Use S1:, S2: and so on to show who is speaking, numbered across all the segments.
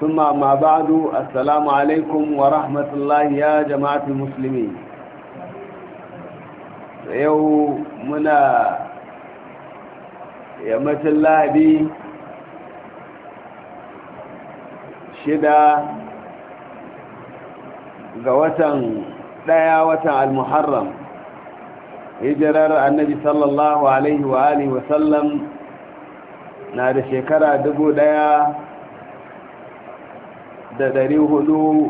S1: ثم ما بعد السلام عليكم ورحمة الله يا جماعة المسلمين يو منا يا مثل الله بي شدا غوتن ديا وتن المحرم hijirar annabi sallallahu alaihi wa alihi wasallam na da shekara dubu ɗaya. da dari hudu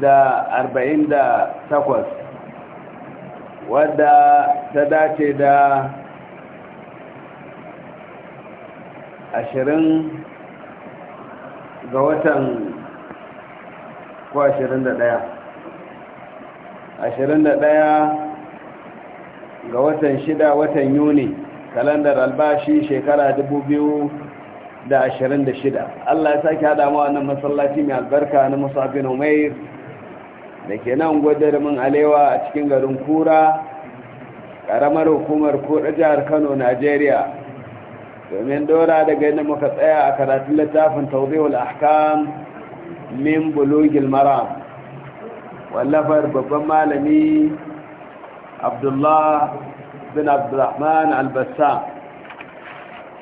S1: da arba'in da takwas wadda ta dace da ashirin ga watan ko ashirin da daya ashirin da daya ga watan shida watan yuni kalandar albashi shekara dubu biyu da ashirin da shida Allah ya sake haɗa ma wannan masallaci mai albarka na musafin umair da ke nan gwadarmin alewa a cikin garin kura ƙaramar hukumar kuɗa jihar kano najeriya domin dora daga yadda muka tsaya a karatun littafin tauzihul ahkam min bulugil maram wallafar babban malami abdullah bin abdulrahman albassa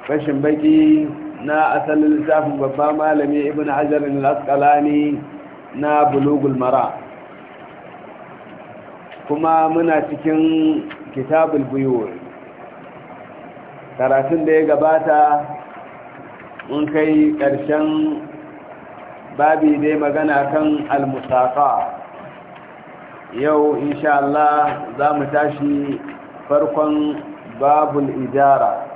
S1: fashin baki na asalin littafin babba malami ibn hajar al na bulugul mara kuma muna cikin kitabul buyur karatun da ya gabata mun kai ƙarshen babi dai magana kan al yau insha Allah za mu tashi farkon babul ijara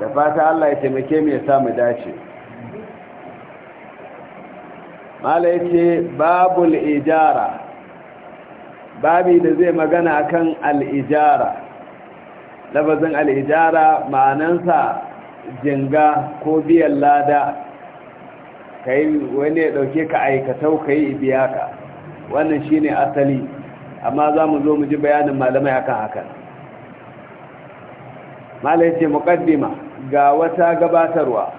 S1: da fata Allah ya taimake mu ya samu dace mala yace babul ijara babi da zai magana akan al-ijara labazin al-ijara ma'anansa jinga ko biyan lada kai wani ya dauke ka aikatau kai biya ka wannan shine asali amma za mu zo mu ji bayanin malamai akan hakan malai ce muqaddima ga wata gabatarwa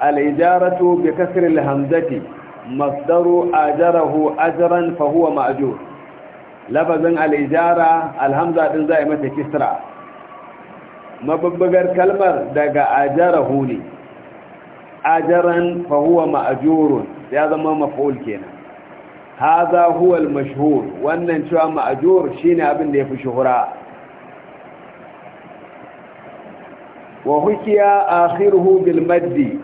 S1: al-ijaratu bi kasri al masdaru ajarahu ajran fa huwa ma'jur lafazin alijara, alhamza din za a yi mata kisra mabubbugar kalmar daga ajarahu ne ajaran fa huwa ma'jurun ya zama maf'ul kenan Haza huwa al-mashhur wannan cewa ma'jur shine abin da yafi shuhura wa hukiya akhiruhu bil maddi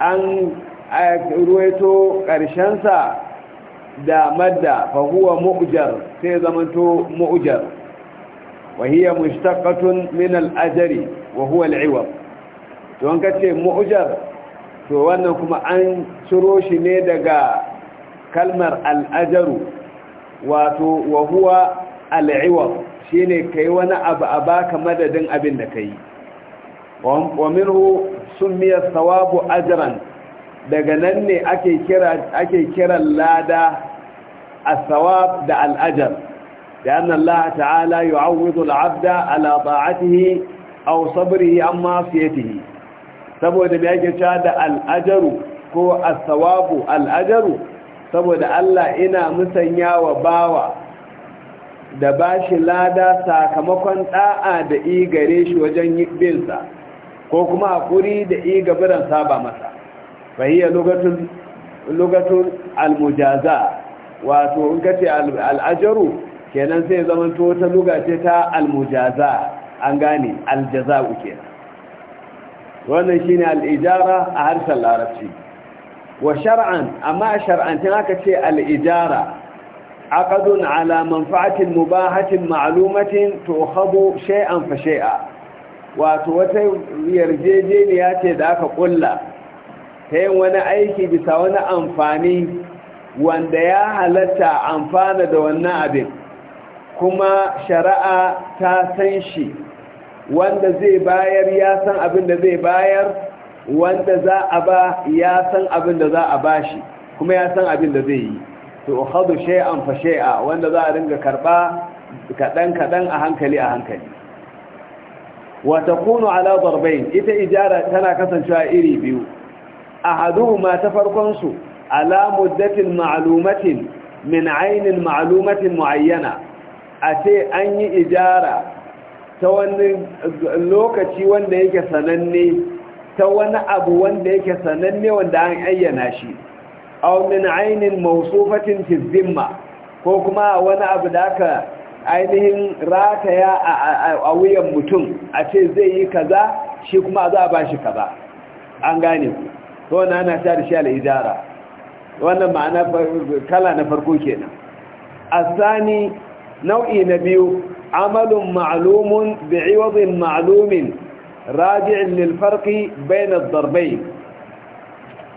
S1: an ruwaito ƙarshensa da madda fahuwa huwa mu'jar sai zamanto mu'jar wa hiya mushtaqatun min al'ajari wa huwa to an kace mu'jar to wannan kuma an ciro shi ne daga kalmar al'ajaru wato wa huwa ka kai wani abu a baka madadin abin da kai wa sun sumiya sawabu ajran daga nan ne ake kiran lada a thawab da al-ajr لأن الله تعالى يعوض العبد على طاعته أو صبره عن معصيته saboda me ake cewa da al'ajaru ko a sawabu al'ajaru saboda Allah ina musanya wa bawa da ba shi lada sakamakon ɗa'a da i gare shi wajen binsa ko kuma hakuri da i gabiran saba masa fahiyya lugatun almujaza wato in ka ce al'ajaru kenan sai zaman to ta lugace ta almujaza an gane aljaza uke wannan shine al'ijara a harshen larabci wa shar'an amma shar'antin haka ce al'ijara عقد على منفعة مباحة معلومة تأخذ شيئا فشيئا وتوتي يرجيجين ياتي ذاك قلة هين وانا ايكي بسا وانا انفاني وان دياها لتا انفانا دوانا ابن كما شرع تاسنشي وان زي باير ياسا ابن زي باير وان ذا ابا ياسا ابن ذا اباشي كما ياسا ابن ذا زي To khadu shay'an fa shay'a wanda za a dinga karba kadan kadan a hankali a hankali wa takunu ala darbayn ita ijara tana kasancewa iri biyu ahaduhuma ta farkon su ala muddatin ma'lumatin min 'aynin ma'lumatin mu'ayyana ace an yi ijara ta wani lokaci wanda yake sananne ta wani abu wanda yake sananne wanda an ayyana shi aw min aynin mawsufatin fi zimma ko kuma wani abu da aka ainihin rataya a wuyan mutum a ce zai yi kaza shi kuma za a bashi kaza an gane ku to wannan ana sha da shi al wannan ma'ana kala na farko kenan asani nau'i na biyu amalun ma'lumun bi'iwadin ma'lumin raji'in lil farqi bayna ad-darbayn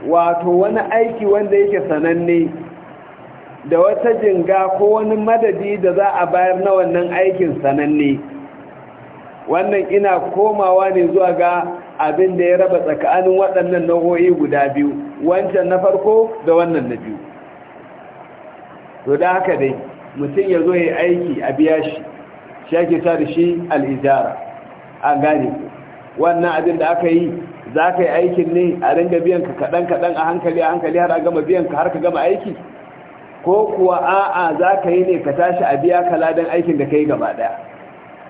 S1: wato wani aiki wanda yake sananne da wata jinga ko wani madadi da za a bayar na wannan aikin sananne wannan ina komawa ne zuwa ga abin da ya raba tsakanin waɗannan nau'o'i guda biyu wancan na farko da wannan na biyu to da haka dai mutum ya zo ya aiki a biya shi shi ake sa da shi al'ijara a gane wannan abin da aka yi za ka yi aikin ne a ringa biyan ka kaɗan-kaɗan a hankali a hankali har a gama biyan ka har ka gama aiki ko kuwa a'a za ka yi ne ka tashi a biya ka ladan aikin da ka yi gaba ɗaya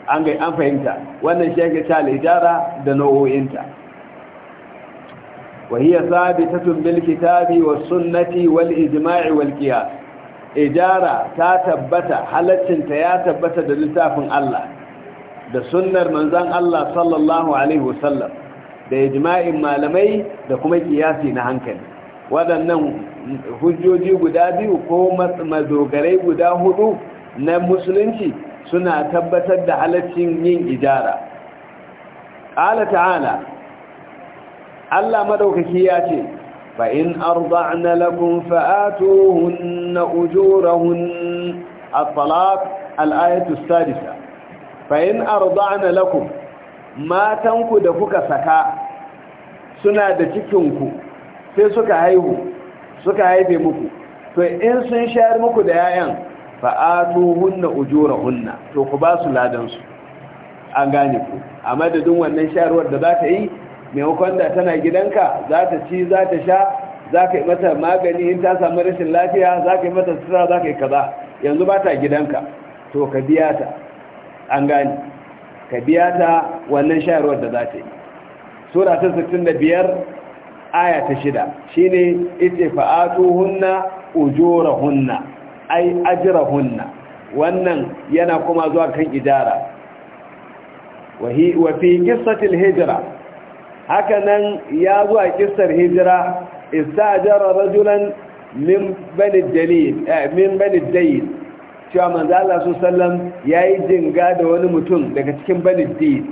S1: an gai an fahimta wannan shi yake ta lijara da nau'o'inta wa hiya sabitatun bil kitabi wa sunnati wal ijma'i wal qiyas ijara ta tabbata halaccin ta ya tabbata da littafin Allah da sunnar manzon Allah sallallahu alaihi wasallam da ijma'in malamai da kuma kiyasi na hankali waɗannan hujjoji guda biyu ko mazogarai guda hudu na musulunci suna tabbatar da halaccin yin ijara ƙala ta'ala Allah maɗaukaki ya ce fa in arda'na lakum fa'atuhunna ujurahun at-talaq al-ayatu as-sadisa fa in arda'na matanku da kuka saka suna da cikinku sai suka haihu suka haife muku to in sun shayar muku da yayan fa'atu hunna ujura hunna to ku ba su ladansu an gane ku a madadin wannan shayarwar da za ta yi mai da tana gidanka za ta ci za ta sha za ka yi mata magani in ta samu rashin lafiya za ka yi mata sutura za ka yi kaza yanzu ba ta gidanka to ka biya ta an gane ka biya ta wannan shayarwar da za ta yi sura ta 65 aya ta 6 shine hunna ujura hunna, ai hunna." wannan yana kuma zuwa kan ijara Wafi fi hijira hijra haka nan ya zuwa kissar hijra istajara rajulan min bani dalil eh, min bani dalil cewa manzo Allah su sallam yi jinga da wani mutum daga cikin baliddi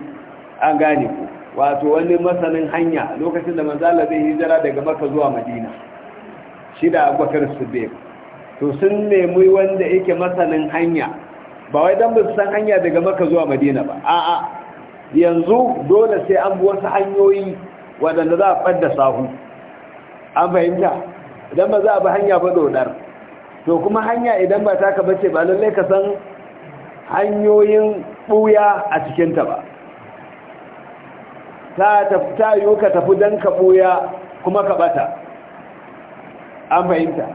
S1: an gane ku wato wani masanin hanya lokacin da manzo Allah zai hijira daga Makka zuwa Madina shi da Abubakar Siddiq to sun nemi wanda yake masanin hanya ba wai dan ba su san hanya daga Makka zuwa Madina ba a'a yanzu dole sai an bi wasu hanyoyi waɗanda za a fadda sahu an fahimta idan ba za a bi hanya ba dodar to kuma hanya idan ba taka bace ba lallai ka san hanyoyin buya a cikinta ba ta tafta yiwu ka tafi dan ka buya kuma ka bata an fahimta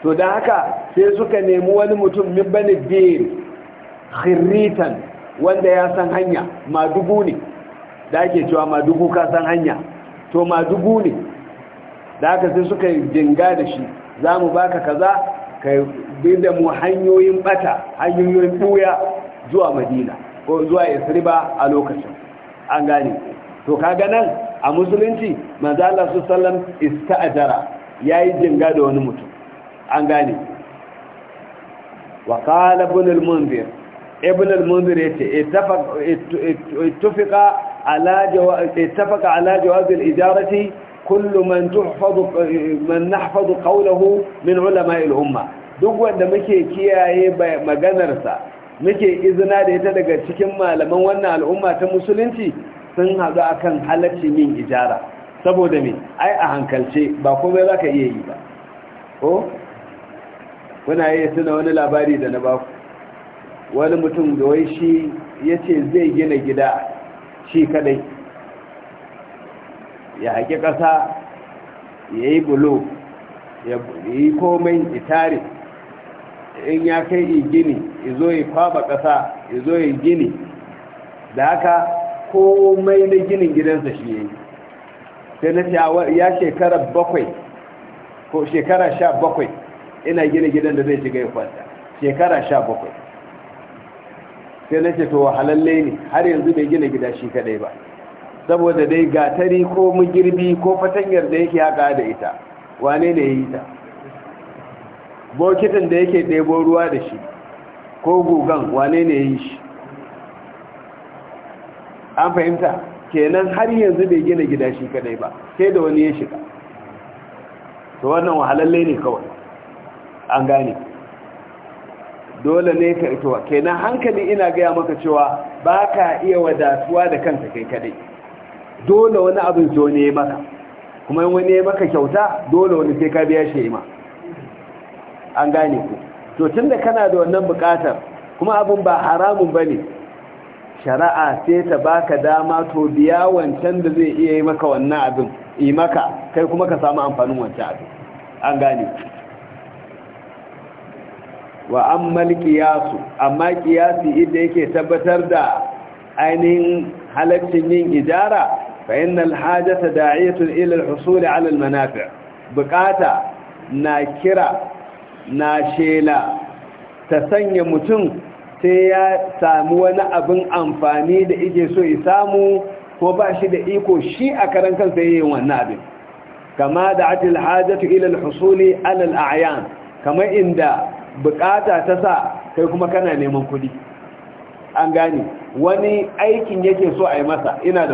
S1: to da haka sai suka nemi wani mutum min bani din khiritan wanda ya san hanya ma dubu ne da ake cewa ma dubu ka san hanya to ma dubu ne da haka sai suka dinga da shi za mu baka kaza ka bi da mu hanyoyin bata hanyoyin buya zuwa madina ko zuwa isriba a lokacin an gane to kaga nan a musulunci manzo Allah su sallam ista'jara yayi jinga da wani mutum an gane wa qala ibn al-munzir ibn al-munzir yace ittafaqa ittafaqa ala jawaz ittafaqa ala jawaz al idarati kullu man tuhfadu man nahfadu qawluhu min ulama'il umma duk wanda muke kiyaye maganarsa muke izina da ita daga cikin malaman wannan al'umma ta musulunci sun haɗu akan halacci min ijara saboda me ai a hankalce ba komai zaka iya yi ba ko kuna yi suna wani labari da na baku wani mutum da wai shi ce zai gina gida shi kadai ya haƙi ƙasa ya yi bulo ya yi komai itare in ya kai yi gini ya zo yi kwaba ƙasa ya zo yi gini da haka komai na ginin gidansa shi ya yi sai na ya shekara bakwai ko shekara sha bakwai ina gina gidan da zai shiga ya kwanta shekara sha bakwai sai na ce to halalle ne har yanzu bai gina gida shi kadai ba saboda dai gatari ko magirbi ko fatanyar da yake haka da ita wane ne yi ta bokitin da yake ɗebo ruwa da shi ko gugan wane ne yi shi an fahimta kenan har yanzu bai gina gida shi kadai ba sai da wani ya shiga to wannan wahalalle ne kawai an gane dole ne ka ito kenan hankali ina gaya maka cewa ba ka iya wadatuwa da kanka kai kadai dole wani abin so ne maka kuma wani ya maka kyauta dole wani sai ka biya shi ma an gane ku to tun da kana da wannan bukatar kuma abin ba haramun ba ne, shari'a sai ta baka dama to biya wancan da zai iya yi maka wannan abin yi maka kai kuma ka samu amfanin wancan abin an gane wa ammal qiyasu amma kiyasi idan yake tabbatar da ainihin halaccin yin ijara فإن الحاجة داعية إلى الحصول على المنافع بقاتا ناكرا ناشيلا تسني متن تيا سامونا أبن أنفاني دا إجيسو إسامو وباشي دا إيكو شيء أكران كان سيئي والنابي كما دعت الحاجة إلى الحصول على الأعيان كما إن دا بقاتا تسا كيكو مكانا نيمان كدي أنغاني واني أيكي نيكي سوء so a yi masa ina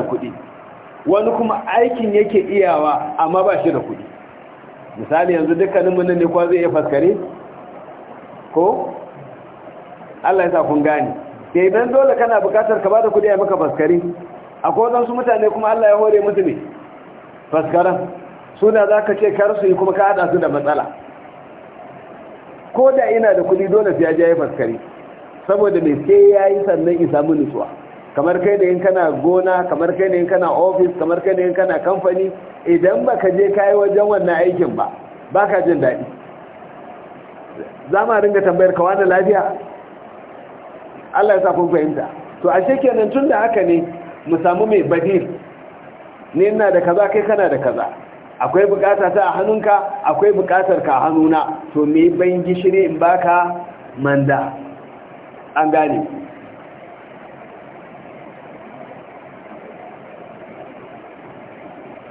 S1: wani kuma aikin yake iyawa amma ba shi da kuɗi misali yanzu dukkanin munan ne kwa zai iya faskare ko Allah ya sa kun gane sai eh, idan dole kana bukatar ka bada kuɗi a maka faskare akwai wadansu mutane kuma Allah ya hore musu ne faskaran suna za ka ce kar su yi kuma ka hada su da matsala ko da ina da kuɗi dole sai ya je ya faskare saboda mai sai ya yi sannan isa mun nutsuwa kamar kai da yin kana gona kamar kai da yin kana ofis kamar kai da yin kana kamfani idan ba ka je kayi wajen wannan aikin ba ba ka jin daɗi za ma ringa tambayar kawa da lafiya allah ya sa kun fahimta to a kenan tun da haka ne mu samu mai badil ne na da kaza kai kana da kaza akwai bukata ta a hannunka akwai bukatar ka a hannuna to me ban gishiri in baka manda an gane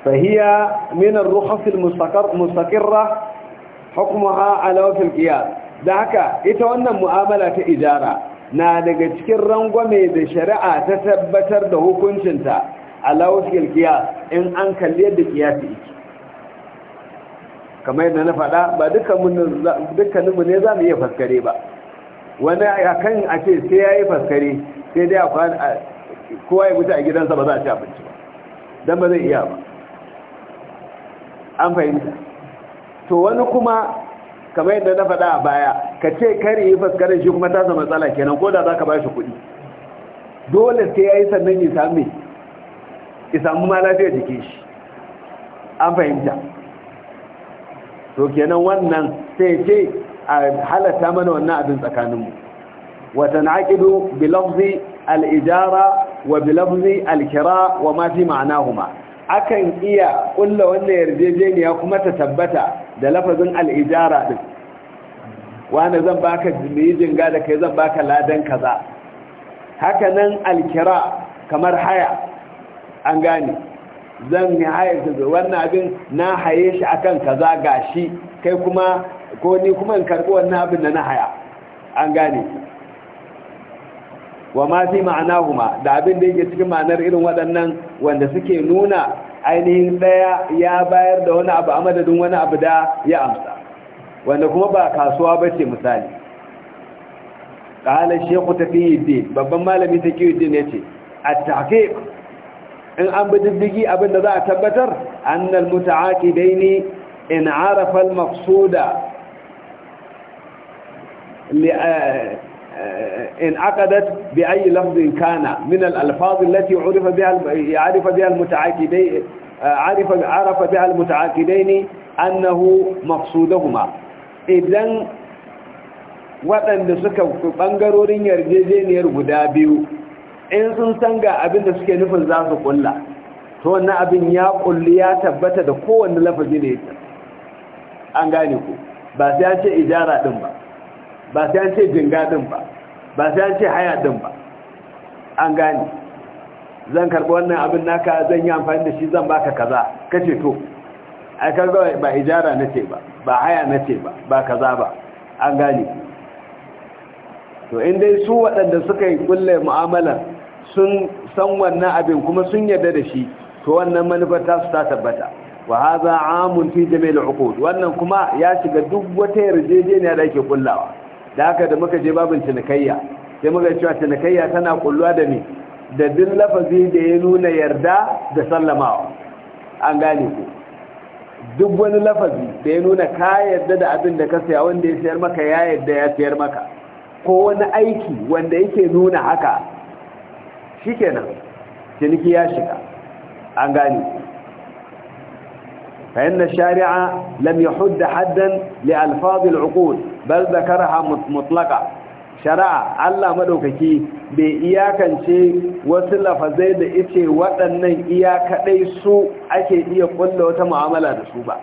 S1: فهي من الرخص المستقر مستقرة حكمها على وفي القياس da haka ita wannan mu'amala ta ijara na daga cikin rangwame da shari'a ta tabbatar da hukuncinta a in an kalli yadda kamar yadda na faɗa ba dukkaninmu ne za mu iya faskare ba wani a kan a ce sai ya yi faskare sai dai a kowa a gidansa ba za a abinci ba don ba zai iya ba an fahimta to wani kuma kamar yadda na faɗa a baya ka ce kare yi faskarar shi kuma tasa matsala kenan ko da za ka ba shi kuɗi dole sai ya yi sannan yi sami yi samu ma lafiya jike shi an fahimta to kenan wannan sai ce a halatta mana wannan abin tsakaninmu wata naƙidu bilafzi al'ijara wa bilafzi alkira wa ma fi huma akan iya kulla wannan yarjejeniya kuma ta tabbata da lafazin al'ijara din wani zan baka mai jinga da kai zan baka ladan kaza haka nan alkira kamar haya an gane zan yi haya wannan abin na haye shi akan kaza gashi kai kuma ko ni kuma in karɓi wannan abin da na haya an gane wa ma fi ma'anahuma da abin da yake cikin ma'anar irin waɗannan wanda suke nuna ainihin ɗaya ya bayar da wani abu a madadin wani abu da ya amsa wanda kuma ba kasuwa ba ce misali ƙahalar shekhu ta fiye babban malami ta kiyo din ya ce a take in an bi diddigi abin da za a tabbatar annal muta'aki dai ne in arafal maksuda In بأي لفظ كان من الألفاظ التي عرف بها يعرف بها المتعاقدين عرف عرف بها المتعاقدين أنه مقصودهما إذن waɗanda suka ɓangarorin yarjejeniyar guda biyu in sun san ga abin da suke nufin za su kulla to wannan abin ya kulli ya tabbata da kowanne lafazi ne an gane ku ba sai an ce ijara ɗin ba ba sai an ce jinga din ba ba sai an ce haya din ba an gane zan karɓi wannan abin naka zan yi amfani da shi zan baka kaza kace to ai kaga ba ijara nace ba ba haya nace ba ba kaza ba an gane to in dai su waɗanda suka yi kulle mu'amalar sun san wannan abin kuma sun yarda da shi to wannan manufar ta su ta tabbata wa hadha amun fi jami'il uqud wannan kuma ya shiga duk wata yarjejeniya da ake kullawa da haka da muka je babin cinikayya sai muka cewa cinikayya tana kulluwa da ne da duk lafazi da ya nuna yarda da sallamawa an gane ku duk wani lafazi da ya nuna ka yarda da abin da ka saya wanda ya sayar maka ya yarda ya sayar maka ko wani aiki wanda yake nuna haka shikenan ciniki ya shiga an gane فإن الشارع لم يحد حدا لألفاظ العقود bal zakaraha mutlaqa shari'a Allah madaukaki bai iyakance wasu lafazai da ice waɗannan kaɗai su ake iya kulla wata mu'amala da su ba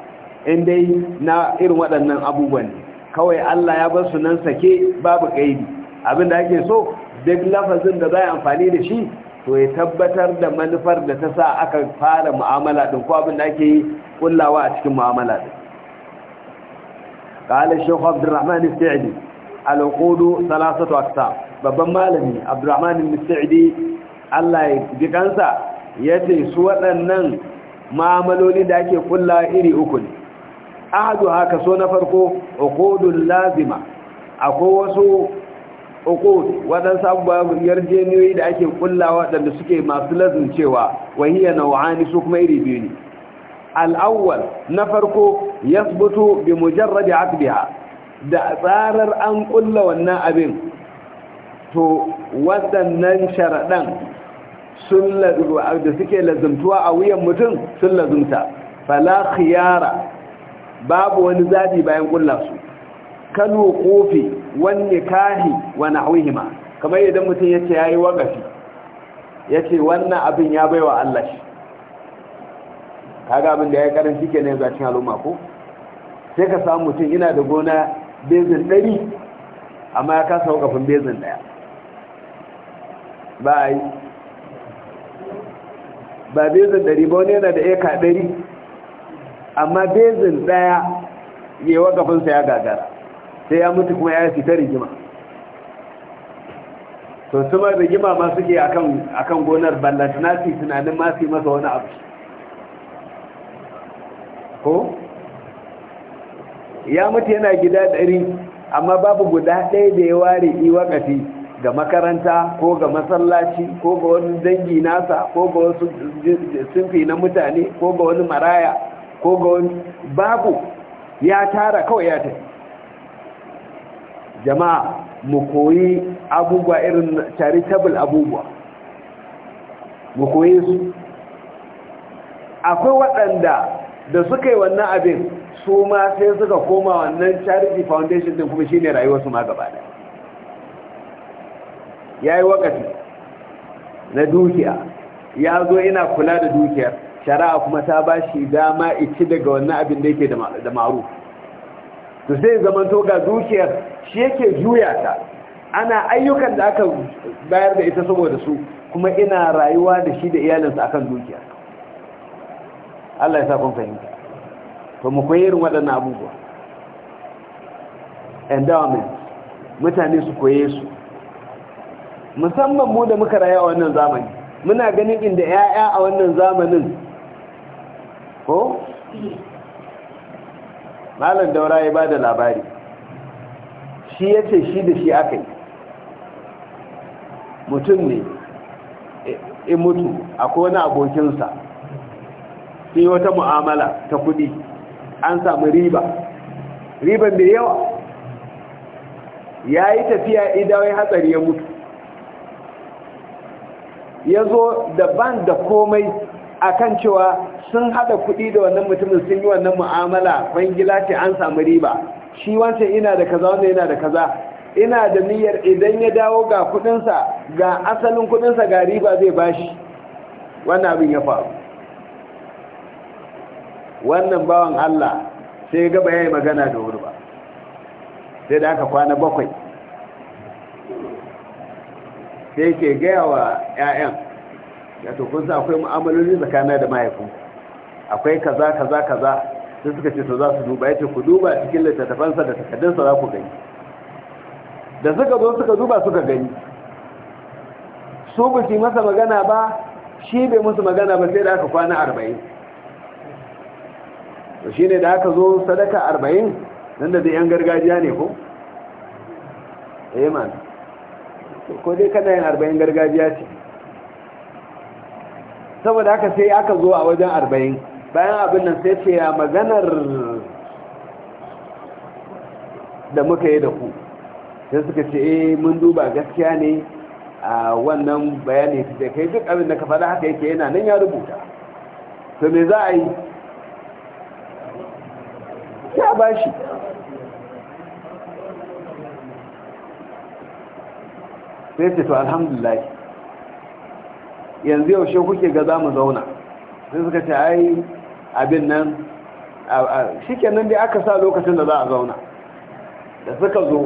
S1: in dai na irin waɗannan abubuwan kawai Allah ya bar su nan sake babu abin abinda ake so duk lafazin da za a amfani da shi to ya tabbatar da manufar da ta sa aka fara mu'amala din. ko abin da ake kullawa a cikin mu'amala din. قال الشيخ عبد الرحمن السعدي العقود ثلاثه اقسام babban malami عبد الرحمن السعدي Allah ya ji yace su waɗannan ma'amaloli da ake kulla iri uku ne ahadu haka so na farko uqudul lazima akwai wasu uqud waɗansu abubuwan yarjeniyoyi da ake kulla waɗanda suke masu lazimcewa wahiya nau'ani su kuma iri biyu ne al'awwal na farko yasbutu bi mujarradi aqdiha da tsarar an kulla wannan abin to waɗannan sharaɗan sun da suke lazumtuwa a wuyan mutum sun lazumta fala babu wani zaɓi bayan kulla su kanu kofi wani kahi wani hauhima kamar idan mutum ya ce ya yi wagafi ya ce wannan abin ya baiwa Allah shi kaga abin da ya karanci kenan yanzu a cikin al'umma ko sai ka samu mutum ina da gona bezin ɗari amma ya kasa wakafin bezin ɗaya ba a yi ba bezin ɗari ba wani yana da eka ɗari amma bezin ɗaya ya yi wakafinsa ya gagara sai ya mutu kuma ya yi fitar rigima to su ma rigima ma suke akan gonar ballantana su tunanin ma su yi masa wani abu ko ya mutu yana gida ɗari amma babu guda ɗaya da ya ware wakati ga makaranta ko ga masallaci ko ga wani dangi nasa ko ga wasu sinfi na mutane ko ga wani maraya ko ga wani babu ya tara kawai ya tafi jama'a mu koyi abubuwa irin charitable abubuwa mu koyi su akwai waɗanda da suka yi wannan abin su ma sai suka koma wannan charity foundation din kuma shine rayuwarsu ma gaba da Ya yi wakati na dukiya ya zo ina kula da dukiyar shari'a kuma ta ba shi dama ici daga wannan abin da yake da maru to sai zaman to ga dukiyar shi yake juya ta ana ayyukan da aka bayar da ita saboda su kuma ina rayuwa da shi da iyalinsa akan dukiyar Allah ya sa kun fahimta to mu koyi irin waɗannan abubuwa endowment mutane su koye su musamman mu da muka rayu a wannan zamani muna ganin inda 'ya'ya a wannan zamanin ko malam daura ya ba da labari shi ya ce shi da shi aka yi mutum ne in mutu akwai wani abokinsa sai wata mu'amala ta kudi an samu riba riban da yawa ya yi tafiya idawai hatsari ya mutu ya zo daban da komai akan cewa sun hada kudi da wannan mutumin sun yi wannan mu'amala bangila ce an samu riba shi wancan ina da kaza wanda yana da kaza ina da niyyar idan ya dawo ga kudinsa ga asalin kudinsa ga riba zai bashi wannan abin ya faru wannan bawan Allah sai gaba ya yi magana da wuri ba sai da aka kwana bakwai sai ke gaya wa 'ya'yan ya sa akwai mu'amaloli tsakanin da mahaifin akwai kaza kaza kaza sai suka ce to za su duba yace ku duba cikin littattafansa da sa za ku gani da suka zo suka duba suka gani su ba masa magana ba shi bai musu magana ba sai da aka kwana arba'in to shine da aka zo sadaka arba'in nan da yan gargajiya ne ko eh man ko dai kana yin arba'in gargajiya ce saboda haka sai aka zo a wajen arba'in bayan abin nan sai ce ya maganar da muka yi da ku sai suka ce eh mun duba gaskiya ne a wannan bayani da kai duk abin da ka faɗa haka yake yana nan ya rubuta to me za a yi sai ba bashi sai ce to alhamdulillah yanzu yaushe kuke ga za mu zauna sai suka ce ai abin nan shi kenan dai aka sa lokacin da za a zauna da suka zo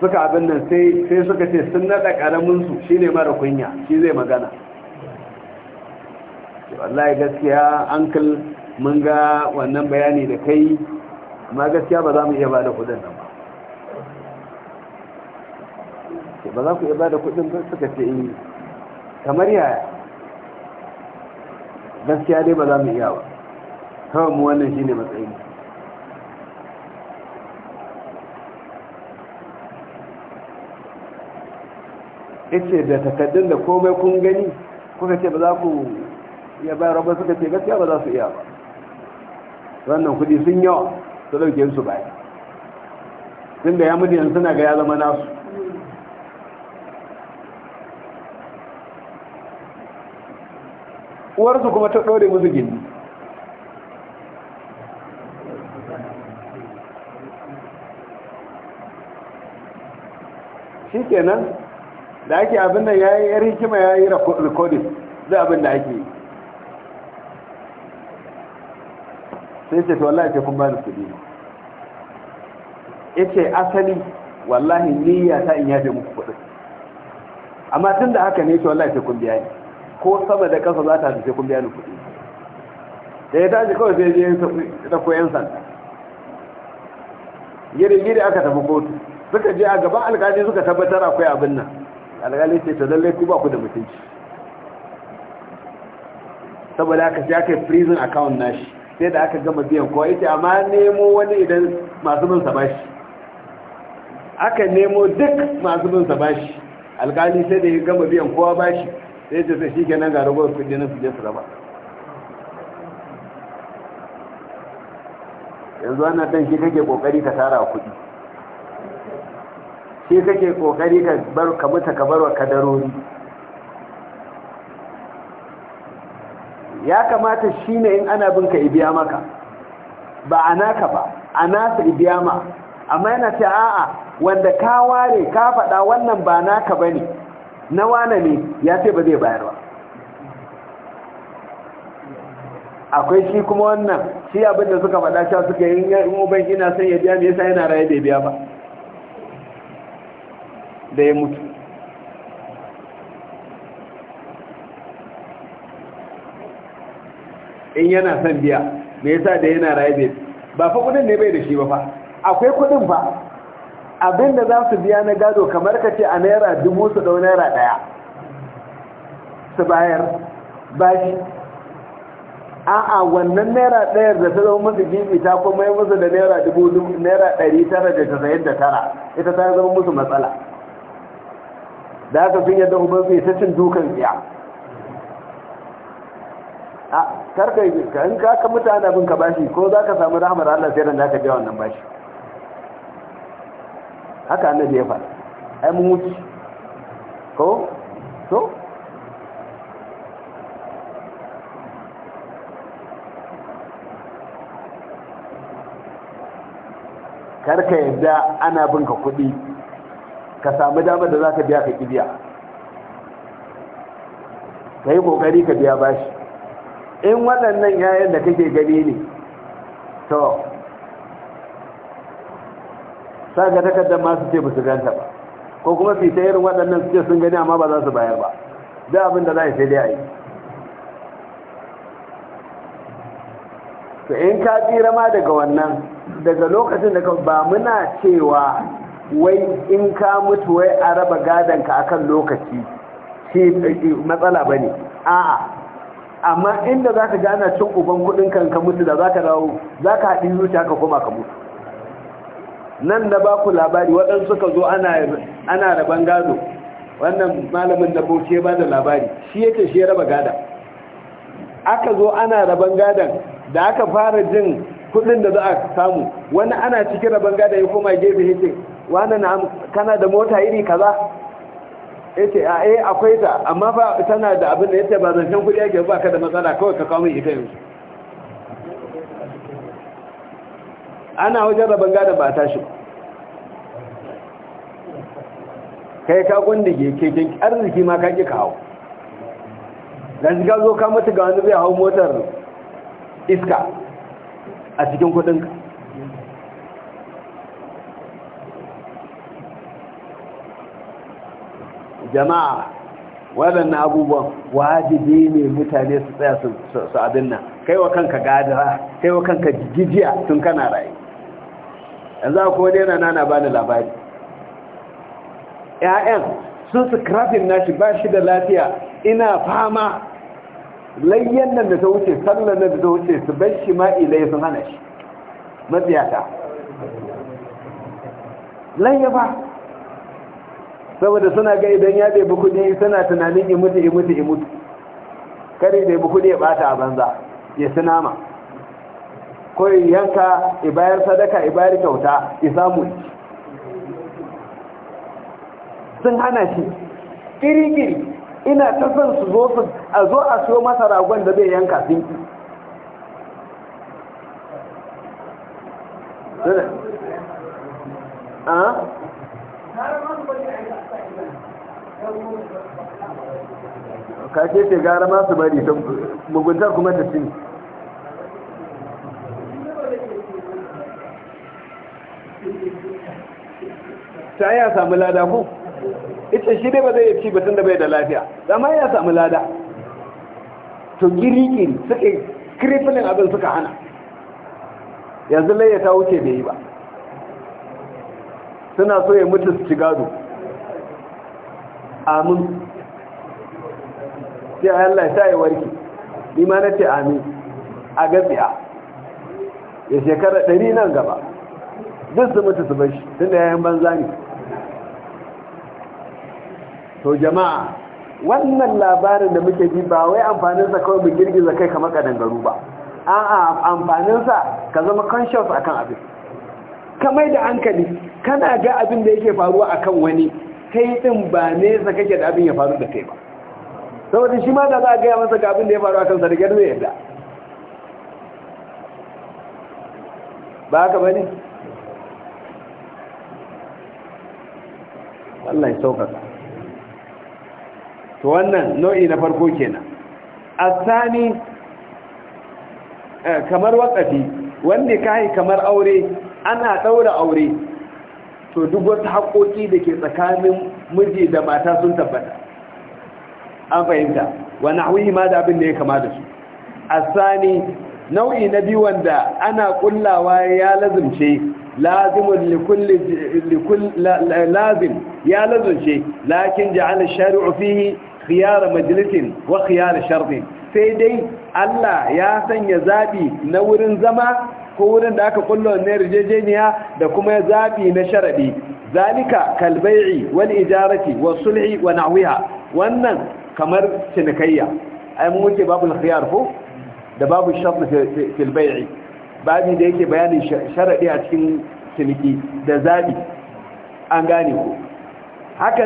S1: suka abin nan sai suka ce sun naɗa ƙaraminsu shi ne mara kunya shi zai magana wallahi gaskiya an kalli. mun ga wannan bayani da kai ma gaskiya ba za mu iya ba da kudin nan ba ba za ku iya ba da kudin ba suka ce in eh, kamar yaya gaskiya dai ba za mu iya ba kawai mu wannan shine matsayin ce da takaddun da komai kun gani kuka ce ba za ku iya bayarwa ba suka ce gaskiya ba za su iya ba wannan kuɗi sun yawa su ɗauke su ba tun da ya mutu yanzu suna ga ya zama nasu uwarsu kuma ta ɗore musu gindi shi kenan da ake abin da ya yi yar hikima ya yi rikodin zai abin da ake yi sai ce to wallahi sai kun bani kuɗi yace asali wallahi niyya ta in yafe muku kudi amma tun da haka ne ce wallahi sai kun biya ni ko sama da kasa za ta sai kun biya ni kuɗi da ya tashi kawai sai je da koyan sanda yiri yiri aka tafi kotu suka je a gaban alkali suka tabbatar akwai abin nan alkali ce to lallai ku ba ku da mutunci saboda haka shi aka yi prison account nashi sai da aka gama biyan kowa ita, amma nemo wani idan masu bin sa aka nemo duk masu bin sa alkali sai da ya gama biyan kowa bashi sai ta sai ke nan ragowar kudi na su je su raba yanzu ana dan shi kake kokari ka tara kudi shi kake kokari ka bar ka mutu ka bar wa kadarori ya kamata shi ne in ana bin ka ibiya maka ba a naka ba a nasa ibiya ma amma yana ce a'a wanda ka ware ka faɗa wannan ba naka ba ne na wane ne ya ce ba zai bayarwa. akwai shi kuma wannan shi abinda suka faɗa sha suka yi in uban ina san ya biya me yasa yana raye ya biya ba da ya mutu in yana son biya me yasa da yana raye bai ba fa kudin ne bai da shi ba fa akwai kudin fa abinda za su biya na gado kamar ka ce a naira dubu su dau naira daya su bayar bashi a'a wannan naira ɗayar da ta zama musu gibi ta kuma yi musu da naira dubu naira ɗari tara da tasa'in da tara ita ta zama musu matsala da ka fi yadda ubansu mai ta cin dukan biya. karka yi ka in ka ka mutane abin ka bashi ko za ka samu rahmar Allah sai ran da ka biya wannan bashi haka annabi ya faɗa ai mun wuce ko to karka yadda ana bin ka kuɗi ka samu damar da za ka biya ka kibiya ka yi ƙoƙari ka biya bashi in waɗannan yayan da kake gani ne to sa ga takardar masu ce ba ganta ba ko kuma fita irin waɗannan suke sun gani amma ba za su bayar ba da abin da za a sai dai a yi to in ka tsira ma daga wannan daga lokacin da ba muna cewa wai in ka mutu wai a raba gadonka akan lokaci matsala ba ne a'a amma inda za ka gana cin uban kudin kan ka mutu da za ka dawo za ka haɗi zuciya ka koma ka mutu nan na ba ku labari waɗansu ka zo ana raban gado wannan malamin da bauchi ya ba da labari shi yake shi ya raba gada aka zo ana raban gadon da aka fara jin kudin da za a samu wani ana cikin raban gada ya koma gefe yake wani na kana da mota iri kaza yace a eh, akwai ta amma fa tana da abin da yace ba zancen kudi yake ba ka da matsala kawai ka kawo min ita yanzu ana wajen rabin gadon ba shi kai ka ke keken arziki ma ka ki kawo yanzu ka zo ka mutu ga wani zai hau motar iska a cikin kudinka jama'a waɗannan abubuwan wajibi ne mutane su tsaya su abin nan kai wa kanka gadara kai wa kanka gijiya tun kana raye yanzu ko dai na nana ba ni labari ƴaƴan sun scrapin nashi ba shi da lafiya ina fama layyan nan da ta wuce sallan nan da ta wuce su bar shi ma ilai sun hana shi matsiyata layya ba saboda suna ga idan ya ɗebi kuɗi suna tunanin yi mutu yi mutu yi mutu kare ɗebi kuɗi ya ɓata a banza ya suna nama ko yanka ya bayar sadaka ya bayar kyauta ya samu sun hana shi ƙiri ina ta son su zo su a zo a siyo masa ragon da zai yanka sun ki a? ka ce ce gara ma su bari ta muguntar kuma ta ci ta yi ya samu lada ku ita shi dai ba zai ci batun da bai da lafiya zama ya samu lada to giri-giri suka kirifinin abin suka hana yanzu laye ta wuce bai yi ba suna so ya mutu su ci gado amin sai Allah ta yi warki ni ma na ce amin a gatsiya ya shekara ɗari nan gaba duk su mutu su bashi tun da yayin banza ne to jama'a wannan labarin da muke ji ba wai amfaninsa kawai mu girgiza kai kamar kadangaru ba a'a amfaninsa ka zama conscious akan abin kamar da hankali kana ga abin da yake faruwa akan wani kai din ba nesa kake da abin ya faru da kai ba saboda shi ma da za a gaya masa ga abin da ya faru a kan sarkar zai yarda, ba haka ba ne Allah ya saukaka to wannan nau'i na farko kenan asani eh, kamar wakafi wanda kai kamar aure ana daura aure to duk wasu haƙoƙi da ke tsakanin miji da mata sun tabbata an fahimta wani hauyi ma da abin da ya kama da su a sani nau'i na biyu wanda ana ƙullawa ya lazimce lazim ya lazimce lakin ja'ala shari'u fihi khiyara majalisin wa khiyara sharfin sai dai Allah ya sanya zaɓi na wurin zama ko wurin da aka kulla ne rijejeniya, da kuma zabi na sharadi zalika kalbai'i wal ijarati was sulhi wa nahwiha wannan kamar cinikayya ai mun wuce babul khiyar ko da babu shart fil bai'i Babu da yake bayanin sharadi a cikin ciniki da zabi an gane ku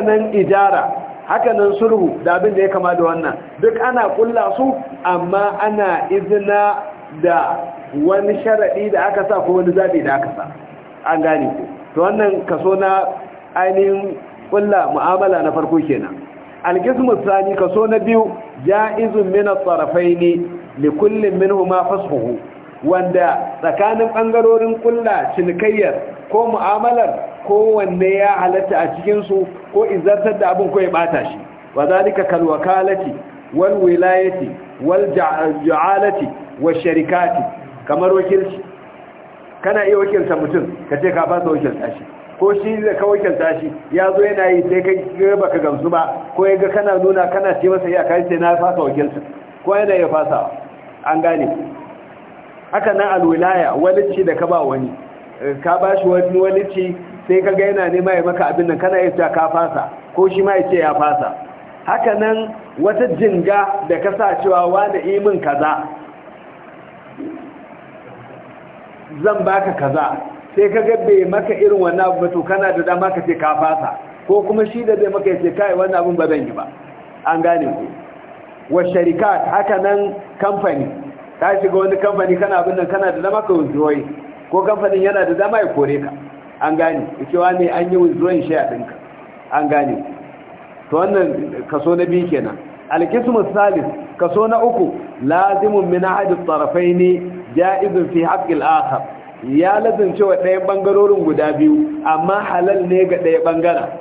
S1: nan ijara Haka nan sulhu da abin da ya kama da wannan duk ana kulla su amma ana izina da wani sharaɗi da aka sa ko wani zaɓi da aka sa an gane ku to wannan kaso na ainihin ƙulla mu'amala na farko kenan alkismu sani kaso na biyu ja'izun min at ne li kullin minhuma fasfuhu wanda tsakanin ɓangarorin ƙulla cinikayyar ko mu'amalar ko kowanne ya halatta a cikin su ko izartar da abin ko ya bata shi wa zalika kal wakalati wal wilayati wal ja'alati wash sharikati kamar wakilci kana iya wakilta mutum ka ce ka fasa wakilta shi ko shi da ka wakilta shi ya zo yana yi sai ka gaba ka gamsu ba ko ya ga kana nuna kana ce masa iya kai sai na fasa wakilta ko yana iya fasa an gane haka na alwilaya walici da ka ba wani ka ba shi wani walici sai ka ga yana nema ya maka abin nan kana iya cewa ka fasa ko shi ma ya ce ya fasa haka nan wata jinga da ka sa cewa wani imin kaza zan baka kaza sai ka ga bai maka irin wannan abu to kana da dama ka ce ka fasa ko kuma shi da bai maka yace ce kai wannan abun ba zan yi ba an gane ku wa sharikat haka nan kamfani ka shiga wani kamfani kana abin nan kana da dama ka zuwai? ko kamfanin yana da dama ya kore ka an gane cewa ne an yi shi a ɗinka an gane ku to wannan kaso na biyu kenan alkismu salis kaso na uku lazimun min ahadi tsarafai ne ja'izun fi haqqil akhar ya lazance wa ɗayan bangarorin guda biyu amma halal ne ga ɗaya bangaren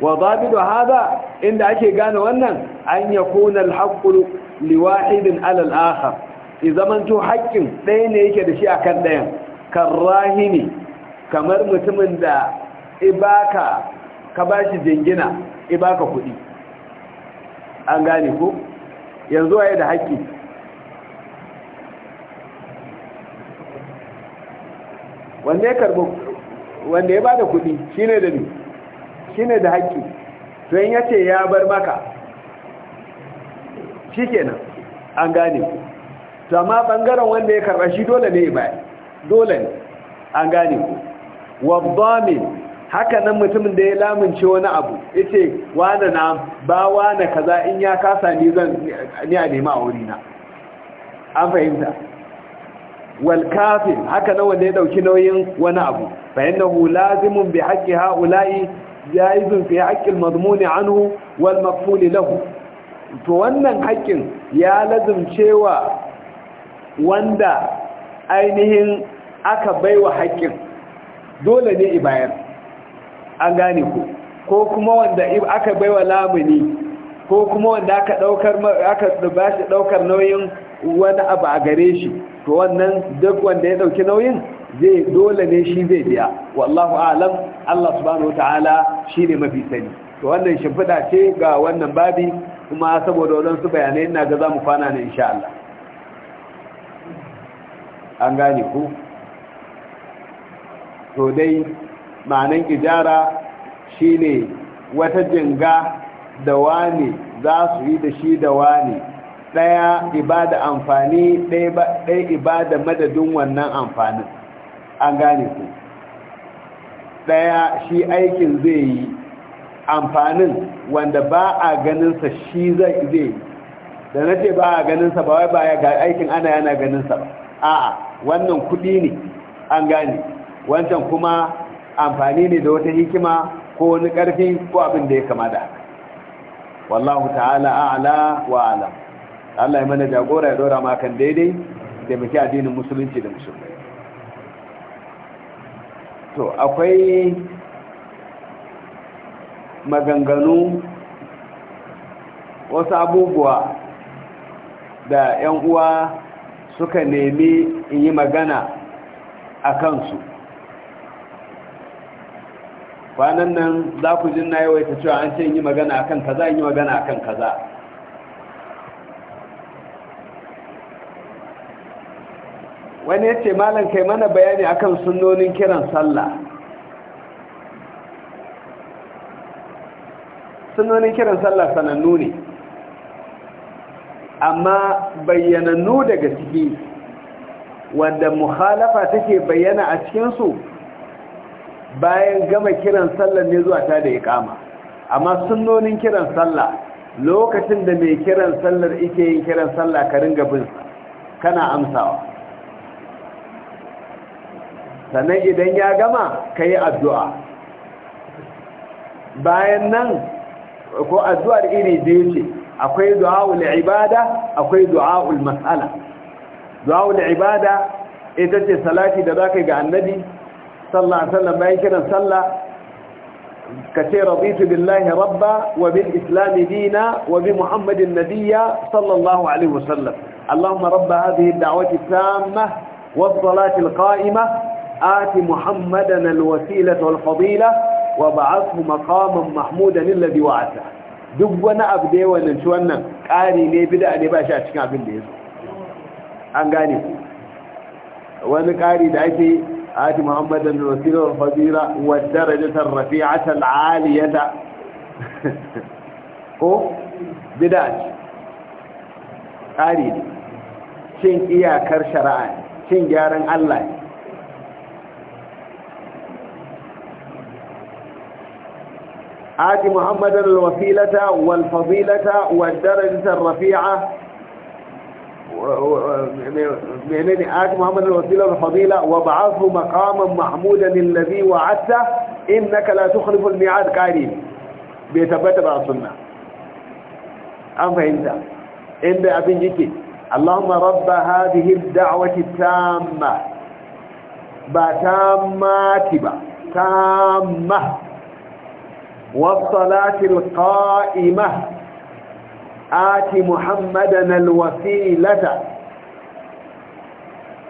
S1: wa zabidu hada inda ake gane wannan an ya al-haqqu liwahidin ala al-akhar izamanto haƙƙin ɗaya ne yake da shi akan ɗayan karrahini kamar mutumin da ibaka ka bashi jingina ibaka kuɗi an gane ko yanzu waye da haƙƙi wanda ya karbo wanda ya bada kuɗi shine da ni shine da haƙƙi to in yace ya bar maka shikenan an gane to amma bangaren wanda ya karba shi dole ne ba dole ne an gane ku wadhamin haka nan mutumin da ya lamunce wani abu yace wani na ba wani kaza in ya kasa ni zan ni a nema a wurina an fahimta wal kafir haka na wanda ya dauki nauyin wani abu fa innahu lazimun bi haqqi haula'i jaizun fi haqqi al-madmun anhu wal maqful lahu to wannan haƙƙin ya lazumcewa wanda ainihin aka baiwa haƙƙin dole ne ibayar an gane ku ko kuma wanda aka baiwa lamuni ko kuma wanda aka daukar aka bashi daukar nauyin wani abu a gare shi to wannan duk wanda ya dauki nauyin zai dole ne shi zai biya wallahu alam Allah subhanahu wataala shine mafi sani to wannan shimfiɗa ce ga wannan babi kuma saboda su bayanai ina ga zamu kwana ne insha Allah an gane ku to dai ma'anan ijara shine wata jinga da wani za su yi da shi da wani ɗaya ibada amfani ɗaya ibada madadin wannan amfanin an gane ku ɗaya shi aikin zai yi amfanin wanda ba a ganinsa shi zai yi da na ce ba a ganinsa ba wai ba ya ga aikin ana yana ganinsa ba a'a wannan kuɗi ne an gane wancan kuma amfani ne da wata hikima ko wani ƙarfi ko abin da ya kama da wallahu ta'ala a'la wa alam Allah ya mana jagora ya dora ma daidai da muke addinin musulunci da musulmi. to akwai maganganu wasu abubuwa da 'yan uwa suka nemi in yi magana a kansu kwanan nan za ku jin na yawaita cewa an ce yi magana akan kaza yi magana akan kaza wani ya ce malam kai mana bayani akan sunnonin kiran sallah sunnonin kiran sallah sanannu ne amma bayyanannu daga ciki wanda muhalafa take bayyana a cikinsu bayan gama kiran sallah ne zuwa ta da ikama amma sunnonin kiran sallah lokacin da mai kiran sallar ike yin kiran sallah ka ringa bin kana amsawa sannan idan ya gama ka yi addu'a bayan nan ko addu'ar iri biyu ce akwai du'a'ul ibada akwai du'a'ul mas'ala du'a'ul ibada ita ce salati da za ka ga annabi sallah sallah bayan kiran sallah ka ce raditu billahi rabba wa bil islami dina wa bi muhammadin nabiyya sallallahu alaihi wasallam allahumma rabba hadhihi ad tamma was salati آت محمدا الوسيلة والفضيلة وبعثه مقاما محمودا الذي وعدته duk wani abu da yawan nan ci wannan ƙari ne bida ne ba shi a cikin abin da ya zo an gane wani ƙari da ake ati muhammadan rasulun fadira wadda rajatar rafi'atar aliyata ko bida ce ƙari ne cin iyakar shari'a cin gyaran allah ne آت محمدا الوسيلة والفضيلة والدرجة الرفيعة يعني آت محمد الوسيلة والفضيلة وابعثه مقاما محمودا الذي وعدته إنك لا تخلف الميعاد كريم بيتبت بعض السنة أم فهمت إن بأبن جيكي اللهم رب هذه الدعوة التامة بتامات تامة والصلاة القائمة آتي محمدا الوسيلة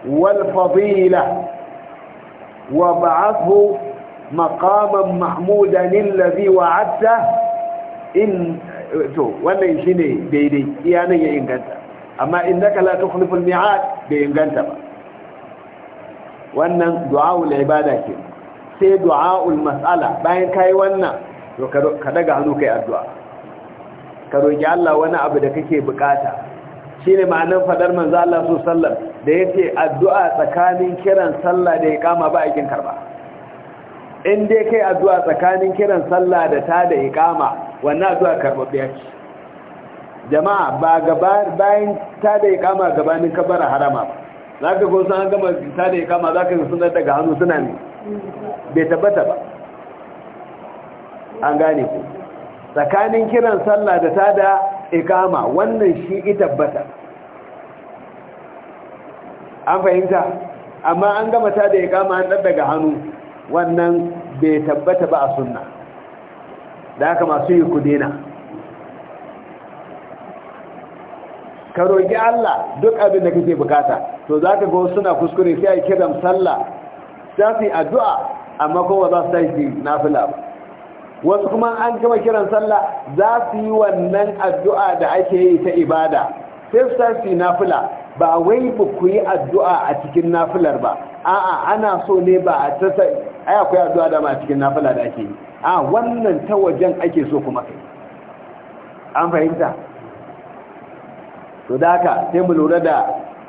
S1: والفضيلة وابعثه مقاما محمودا الذي وعدته إن وانا يشيني بيدي يعني ينقلت أما إنك لا تخلف الميعاد بينقلت وانا دعاء العبادة سي دعاء المسألة باين كاي وانا to ka daga hannu kai addu'a ka roki Allah wani abu da kake bukata shine ma'anar fadar manzo Allah su sallar. da yace addu'a tsakanin kiran sallah da iqama ba aikin karba in dai kai addu'a tsakanin kiran sallah da ta da iqama wannan addu'a biya ce jama'a ba gaba bayan ta da iqama gabanin kabara harama ba zaka go an gama ta da iqama zaka ga sunan daga hannu suna ne bai tabbata ba an gane ku tsakanin kiran sallah da ta da ikama wannan shi ita tabbata an fahimta amma an gama ta da ikama an ɗan daga hannu wannan bai tabbata ba a sunna da haka masu yi kudina ka roƙi Allah duk abin da kake bukata to za ka ga suna kuskure sai a kiran sallah za su yi addu'a amma kowa za su tashi nafila ba wasu kuma an gama kiran sallah za su yi wannan addu'a da ake yi ta ibada sai su tafi nafila ba wai ba ku yi addu'a a cikin nafilar ba a'a ana so ne ba a tasa ai akwai addu'a da ma a cikin nafila da ake yi a wannan ta wajen ake so kuma kai an fahimta to da sai mu lura da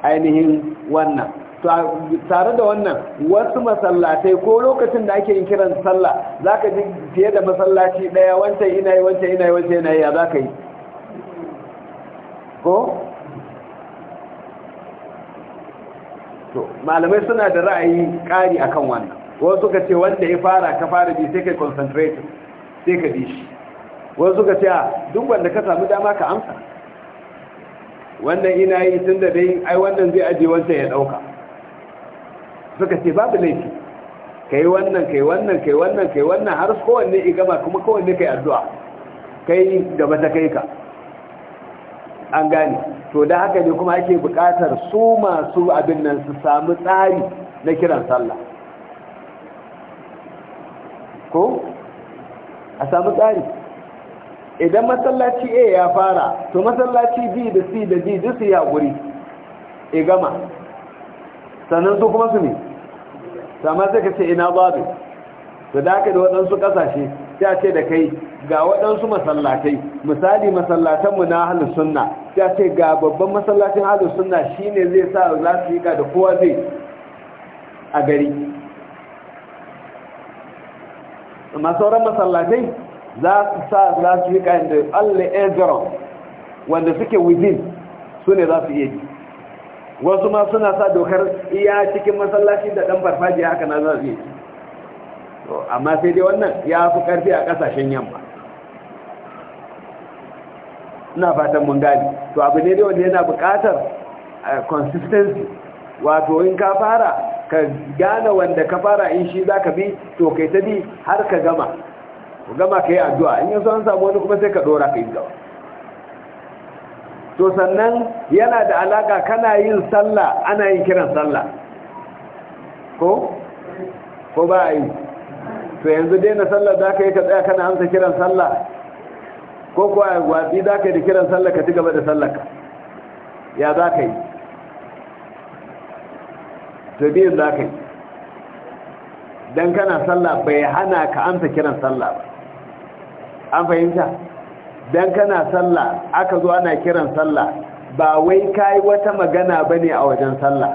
S1: ainihin wannan tare da wannan wasu masallatai ko lokacin da ake yin kiran sallah za ka ji fiye da masallaci ɗaya wancan ina yi wancan ina yi wancan ina yi ya za ka yi ko? to malamai suna da ra'ayi ƙari a kan wannan wasu ka ce wanda ya fara ka fara bi sai ka concentrate sai ka bi shi wasu ka ce a duk wanda ka samu dama ka amsa wannan ina yi tun da dai ai wannan zai aje wancan ya ɗauka suka ce babu laifi kai wannan kai wannan kai wannan kai wannan har kowanne gama kuma kowanne kai addu'a kai da bata kai ka an gane to da haka ne kuma ake bukatar su masu abin nan su samu tsari na kiran sallah ko a samu tsari idan masallaci a ya fara to masallaci b da c da d duk su ya guri ya e gama sannan su kuma su ne sama sai ka ce ina babu to da aka da waɗansu ƙasashe sai a ce da kai ga waɗansu masallatai misali masallatanmu na halin sunna sai a ce ga babban masallacin halin sunna shine zai sa za su yi da kowa zai a gari amma sauran masallatai za su sa za su yi da allah ezra wanda suke within su ne za su iya ji wasu ma suna sa dokar iya cikin masallaci da ɗan farfajiya haka na zafi amma sai dai wannan ya fi ƙarfi a ƙasashen yamma ina fatan mun gani to abu ne dai wanda yana buƙatar eh, consistency wato in ka fara ka gane wanda ka fara in shi za ka bi to kai ta bi har ka gama gama ka yi addu'a in yi an samu wani kuma sai ka dora ka yi gaba to sannan yana da alaka kana yin sallah ana yin kiran sallah ko ko ba yi to yanzu daina sallah za ka yi ka tsaya kana amsa kiran sallah ko ko a watsi za ka yi da kiran sallah ka ci gaba da sallah ka ya za ka yi to biyun za ka yi don kana sallah bai hana ka amsa kiran sallah ba an fahimta dan kana sallah aka zo ana kiran sallah ba wai kai wata magana bane a wajen sallah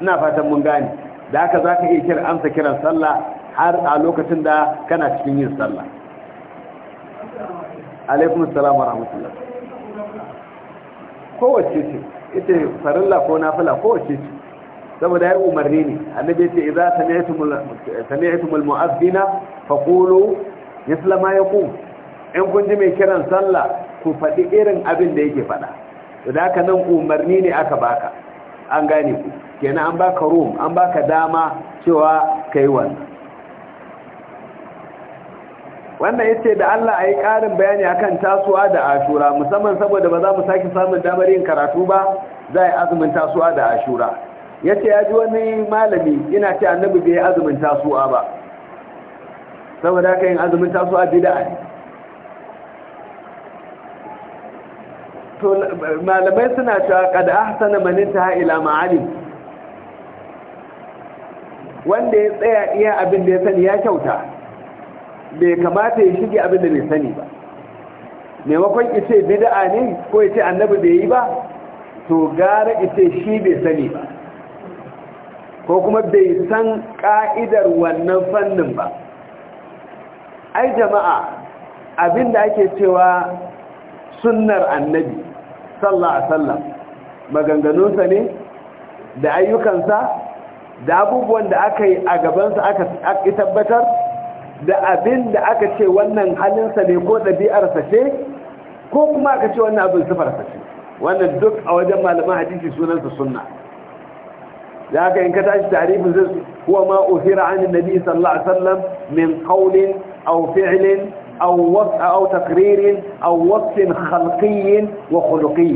S1: ina fatan mun gane da haka zaka iya kira amsa kiran sallah har a lokacin da kana cikin yin sallah alaikum assalam wa rahmatullah kowace ce ita farilla ko nafila kowace ce saboda ya umarni ne annabi ce idza sami'tumul sami'tumul mu'adhdhina faqulu yasla yaqum in kun ji mai kiran sallah ku faɗi irin abin da yake faɗa da aka nan umarni ne aka baka an gane ku kenan an baka room an baka dama cewa kai wannan wannan yace da Allah ayi ƙarin bayani akan tasuwa da ashura musamman saboda ba za mu sake samun damar yin karatu ba za yi azumin tasuwa da ashura yace ya ji wani malami ina ce annabi bai azumin tasuwa ba saboda haka yin azumin tasuwa bid'a ne malamai suna cewa kada ahsana man intaha ila ma'alim wanda ya tsaya iya abin da ya sani ya kyauta bai kamata ya shige abin da bai sani ba maimakon ita bid'a ne ko ita annabi bai yi ba to gara ita shi bai sani ba ko kuma bai san ka'idar wannan fannin ba ai jama'a abinda ake cewa sunnar annabi sallallahu sallam maganganunsa ne da ayyukansa da abubuwan da aka yi a gabansa aka tabbatar da abin da aka ce wannan halinsa ne ko ɗabi'arsa ce ko kuma aka ce wannan abin sifarsa ce wannan duk a wajen malaman hadisi sunansa sunna da haka in ka tashi tarihin zai kuwa ma ofira an nabi sallallahu alaihi wasallam min qawlin au fi'lin أو, وصف أو تقرير أو وصف خلقي وخلقي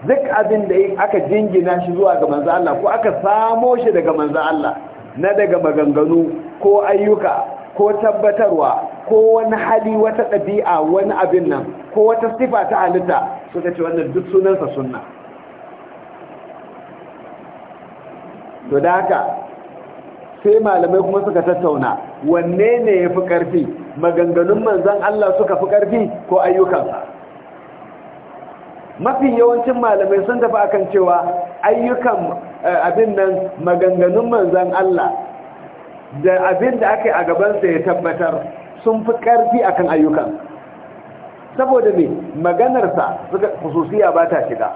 S1: duk abin da aka jingina shi zuwa ga manzo ko aka samo shi daga manzo Allah na daga maganganu ko ayyuka ko tabbatarwa ko wani hali wata ɗabi'a wani abin nan ko wata sifa ta halitta suka ce wannan duk sunansa sunna to da haka sai malamai kuma suka tattauna wanne ne ya fi ƙarfi maganganun manzan Allah suka fi ƙarfi ko ayyukansa mafi yawancin malamai sun tafi akan cewa ayyukan eh, abin nan maganganun manzan Allah da abin da aka yi a gabansa ya tabbatar sun fi ƙarfi akan ayyukan? saboda ne maganarsa suka hususiya ba ta shiga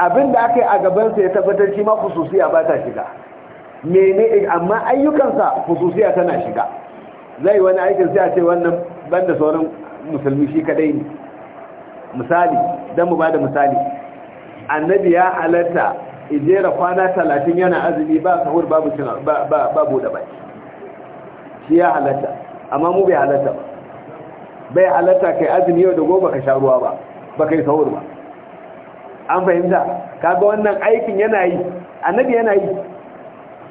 S1: abin da aka yi a gabansa ya tabbatar shi ma hususiya ba ta shiga mene amma ayyukansa hususiya tana shiga zai wani aikin sai a ce wannan banda sauran musulmi shi kadai ne misali don mu bada misali annabi ya halatta ijera kwana talatin yana azumi ba sahur babu cin babu da baki shi ya halatta amma mu bai halatta ba bai halatta kai azumi yau da gobe ka sha ruwa ba ba kai sahur ba an fahimta kaga wannan aikin yana yi annabi yana yi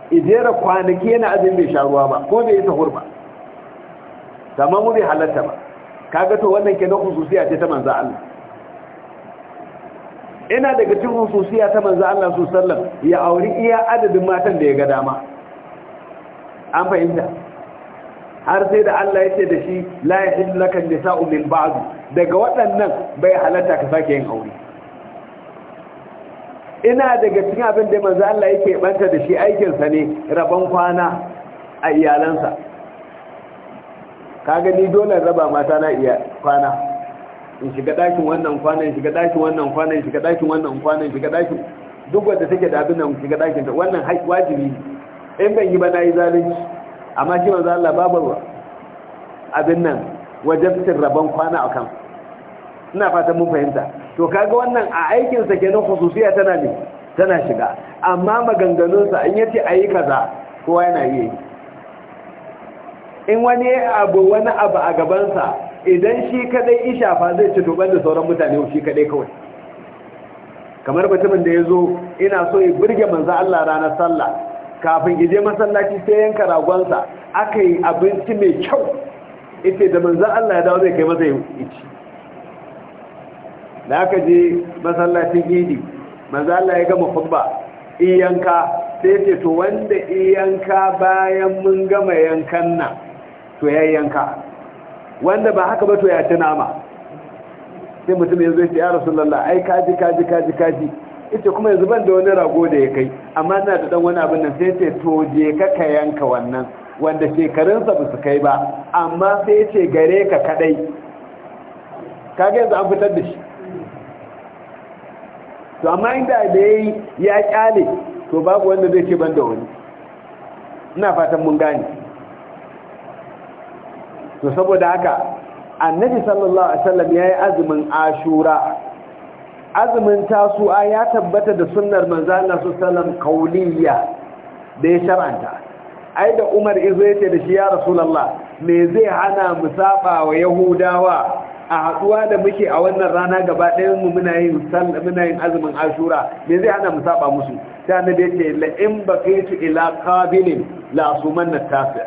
S1: ijera kwanaki yana azin bai sha ruwa ba ko bai yi sahur ba mu bai halatta ba kaga to wannan kenan hususiya ce ta manzo Allah ina daga cikin hususiya ta manzo Allah su sallam ya auri iya adadin matan da ya ga dama an fahimta har sai da Allah ya ce da shi la kan nisa'u min ba'd daga waɗannan bai halatta ka sake yin aure ina daga cikin abin da manzo Allah yake banta da shi aikinsa ne rabon kwana a iyalansa kaga ni dole raba mata na iya kwana in shiga dakin wannan kwana in shiga dakin wannan kwana in shiga dakin wannan kwana in shiga dakin duk wanda take da abin nan shiga dakin ta wannan haƙi wajibi in ban yi ba na yi zalunci amma shi manzo Allah babu abin nan wajibcin rabon kwana akan ina fatan mun fahimta to kaga wannan a aikinsa kenan khususiya tana ne tana shiga amma maganganunsa in yace ayi kaza kowa yana yi in wani abu wani abu a gabansa idan shi kadai ishafa zai ci dubar da sauran mutane shi kadai kawai kamar mutumin da ya zo ina so ya burge manzo Allah ranar sallah kafin ije masallaci sai yanka ragon sa yi abinci mai kyau ita da manzo Allah ya dawo zai kai masa ya ci da aka je masallacin idi manzo Allah ya gama khutba iyanka sai ce to wanda iyanka bayan mun gama yankan nan to ya yanka wanda ba haka ba to ya ci nama sai mutum ya zo ya ce ya rasulullah ai kaji kaji kaji kaji ita kuma yanzu ban da wani rago da ya kai amma na da dan wani abin nan sai ce to je ka ka yanka wannan wanda shekarunsa ba su kai ba amma sai ce gare ka kadai kage yanzu an fitar da shi to amma inda da ya yi ya kyale to babu wanda zai ce ban da wani ina fatan mun gane to saboda haka annabi sallallahu alaihi wasallam yayi azumin ashura azumin tasu'a ya tabbata da sunnar manzo Allah sallallahu kauliya da ya shar'anta ai da Umar izo yace da shi ya Rasulullah me zai hana mu saɓa wa Yahudawa a haɗuwa da muke a wannan rana gaba ɗayan mu muna yin sallah muna yin azumin ashura me zai hana mu saba musu sai annabi ya ce la in baqitu ila qabilin la sumanna tafi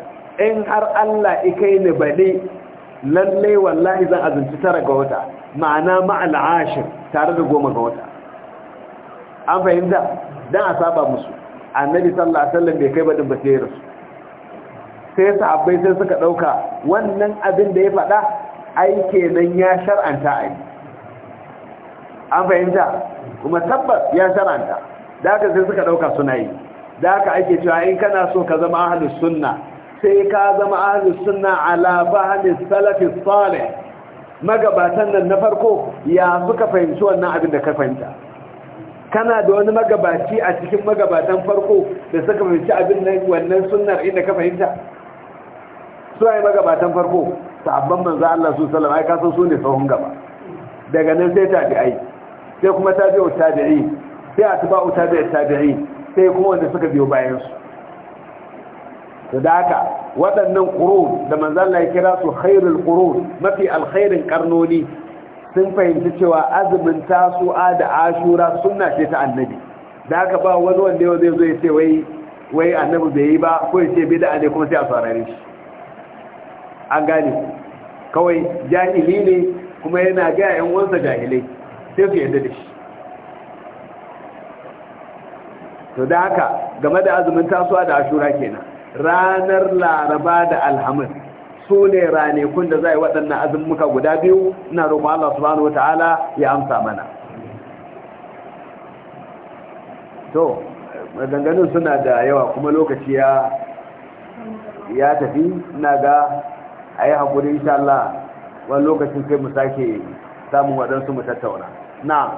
S1: in har Allah ikai ni bane lalle wallahi zan azumci tara ga wata ma'ana ma'al ashir tare da goma ga wata an fahimta dan a saba musu annabi sallallahu alaihi wasallam bai kai badin ba sai rasu sai sahabbai sai suka dauka wannan abin da ya faɗa ai kenan ya shar'anta ai an fahimta kuma tabbas ya shar'anta da haka sai suka dauka suna yi da haka ake cewa in kana so ka zama ahlus sunna sai ka zama ahlus sunna ala fahmi salafi salih magabatan nan na farko ya suka fahimci wannan abin da ka fahimta kana da wani magabaci a cikin magabatan farko da suka fahimci abin nan wannan sunnar inda ka fahimta su yi magabatan farko sabban manzo Allah su sallama ai kasan su ne sahun gaba daga nan sai tabi'ai sai kuma tabi'u tabi'i sai atba'u tabi'i tabi'i sai kuma wanda suka biyo bayan su to da haka waɗannan qurun da manzo Allah ya kira su khairul qurun mafi alkhairin karnoni sun fahimci cewa azumin tasu'a da ashura sunna ce ta annabi da haka ba wani wanda yau zai zo ya ce wai wai annabi bai yi ba ko ya ce bid'a ne kuma sai a saurare shi an gane kawai jahili ne kuma yana gaya yan wansa jahilai sai su yadda da shi to da haka game da azumin tasowa da ashura kenan ranar laraba da alhamis su ne ranakun da zai waɗannan azumuka guda biyu na roƙo Allah subhanahu wataala ya amsa mana to maganganun suna da yawa kuma lokaci ya tafi na ga a yi haƙuri insha Allah wani lokacin sai mu sake samun waɗansu mu tattauna na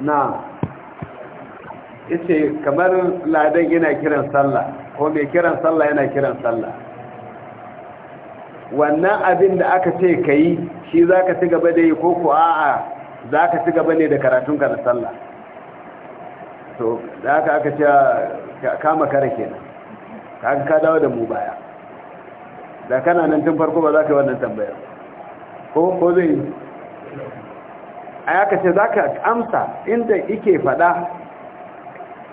S1: na ita kamar ladan yana kiran sallah ko mai kiran sallah yana kiran sallah wannan abin da aka ce ka yi shi za ka ci gaba da yi ko ku a'a za ka ci gaba ne da karatunka da sallah to da haka aka ce kama kare kenan kaga ka dawo da mu baya da kana nan tun farko ba za ka yi wannan tambayar ko ko zai yi ce za ka amsa inda ike fada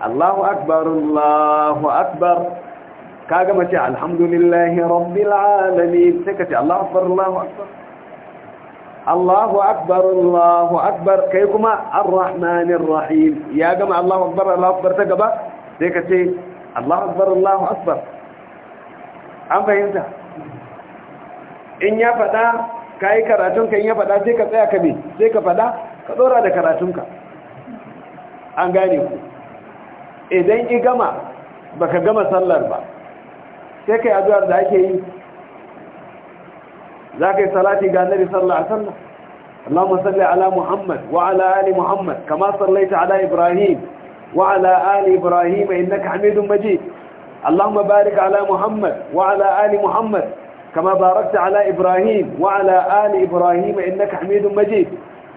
S1: Allahu akbar Allahu akbar ka gama ce alhamdulillahi rabbi alamin sai ka ce Allahu akbar Allahu akbar Allahu akbar Allahu akbar ya gama Allahu akbar Allahu akbar ta gaba Allahu akbar Allahu akbar an fahimta in ya fada kai karatun in ya fada sai ka tsaya ka bi sai ka fada ka dora da karatun an gane ku idan ki gama baka gama sallar ba sai kai addu'ar da ake yi za ka yi salati ga annabi sallallahu alaihi wasallam اللهم صل على محمد وعلى آل محمد كما صليت على إبراهيم وعلى آل إبراهيم إنك حميد مجيد اللهم بارك على محمد وعلى آل محمد كما باركت على إبراهيم وعلى آل إبراهيم إنك حميد مجيد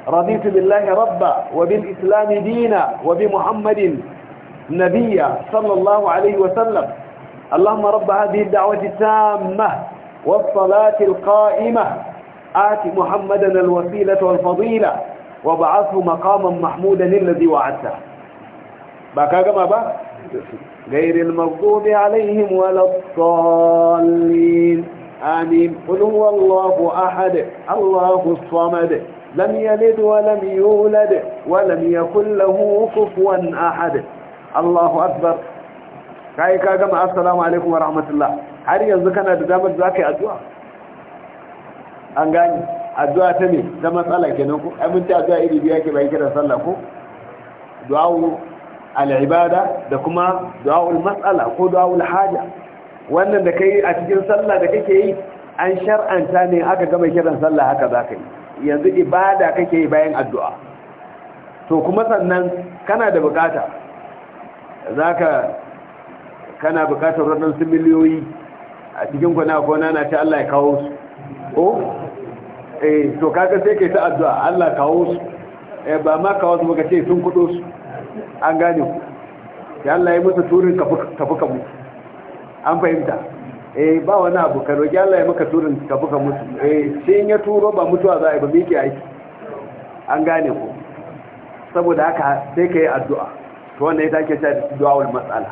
S1: رضيت بالله ربا وبالإسلام دينا وبمحمد نبيا صلى الله عليه وسلم اللهم رب هذه الدعوة التامة والصلاة القائمة آت محمدا الوسيلة والفضيلة وابعثه مقاما محمودا الذي وعدته بقى كما بقى غير المغضوب عليهم ولا الضالين آمين قل هو الله أحد الله الصمد لم يلد ولم يولد ولم يكن له كفوا أحد الله أكبر كاي كاغم السلام عليكم ورحمة الله har yanzu kana da damar za ka yi addu'a an gani addu'a ta ne ta matsala kenan ko amince addu'a iri biya ke bayan kiran sallah ko al al'ibada da kuma du'a'ul matsala ko du'a'ul haja wannan da kai a cikin sallah da kake yi an shar'anta ne aka gama kiran sallah haka za ka yi yanzu ibada kake yi bayan addu'a to kuma sannan kana da bukata za ka kana bukatar waɗansu miliyoyi a cikin kuna kona na ce Allah ya kawo su ko eh to kaga sai kai ta addu'a Allah kawo su eh ba ma kawo su baka ce sun kudo su an gane ku ya Allah ya musu turin kafu kafu kamu an fahimta eh ba wani abu ka roki Allah ya maka turin kafu kamu eh sai ya turo ba mutuwa za a yi ba miki aiki an gane ku saboda haka sai kai yi addu'a to wannan ita ake cewa addu'a wal mas'ala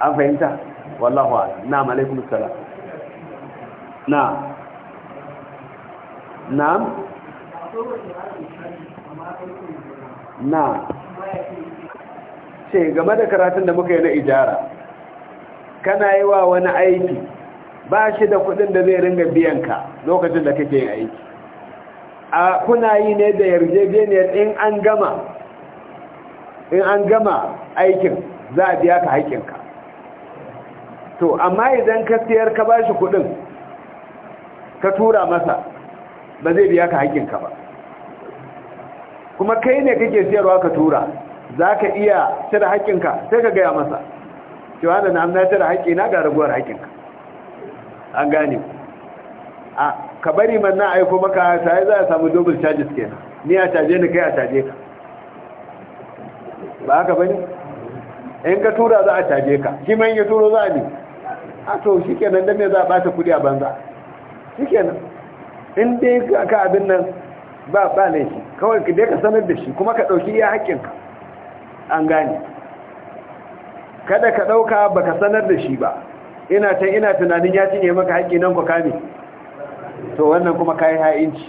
S1: an fahimta wallahu a'lam na'am alaikum assalam na'am na'am na'am game da karatun da muka yi na ijara kana yi wa wani aiki ba shi da kudin da zai ringa biyan ka lokacin da kake yin aiki a kuna yi ne da yarjejeniyar in an gama in an gama aikin za a biya ka haƙinka to amma idan ka siyar ka ba shi kudin ka tura masa ba zai biya ka haƙinka ba kuma kai ne kake siyarwa ka tura za ka iya cire haƙinka sai ka gaya masa cewa da na amna cire haƙina ga raguwar haƙinka an gane a ka bari man na aiko maka sai za a samu double charges kenan ni a caje ni kai a caje ka ba haka bane in ka tura za a caje ka shi man ya turo za a ne a to shi kenan don me za a ɓata kudi a banza shi kenan in dai ka abin nan ba ba shi kawai ka dai ka sanar da shi kuma ka ɗauki iya haƙƙinka an gane kada ka ɗauka ba ka sanar da shi ba ina ta ina tunanin ya cinye maka haƙƙi nan ku kame to wannan kuma ka yi ha'inci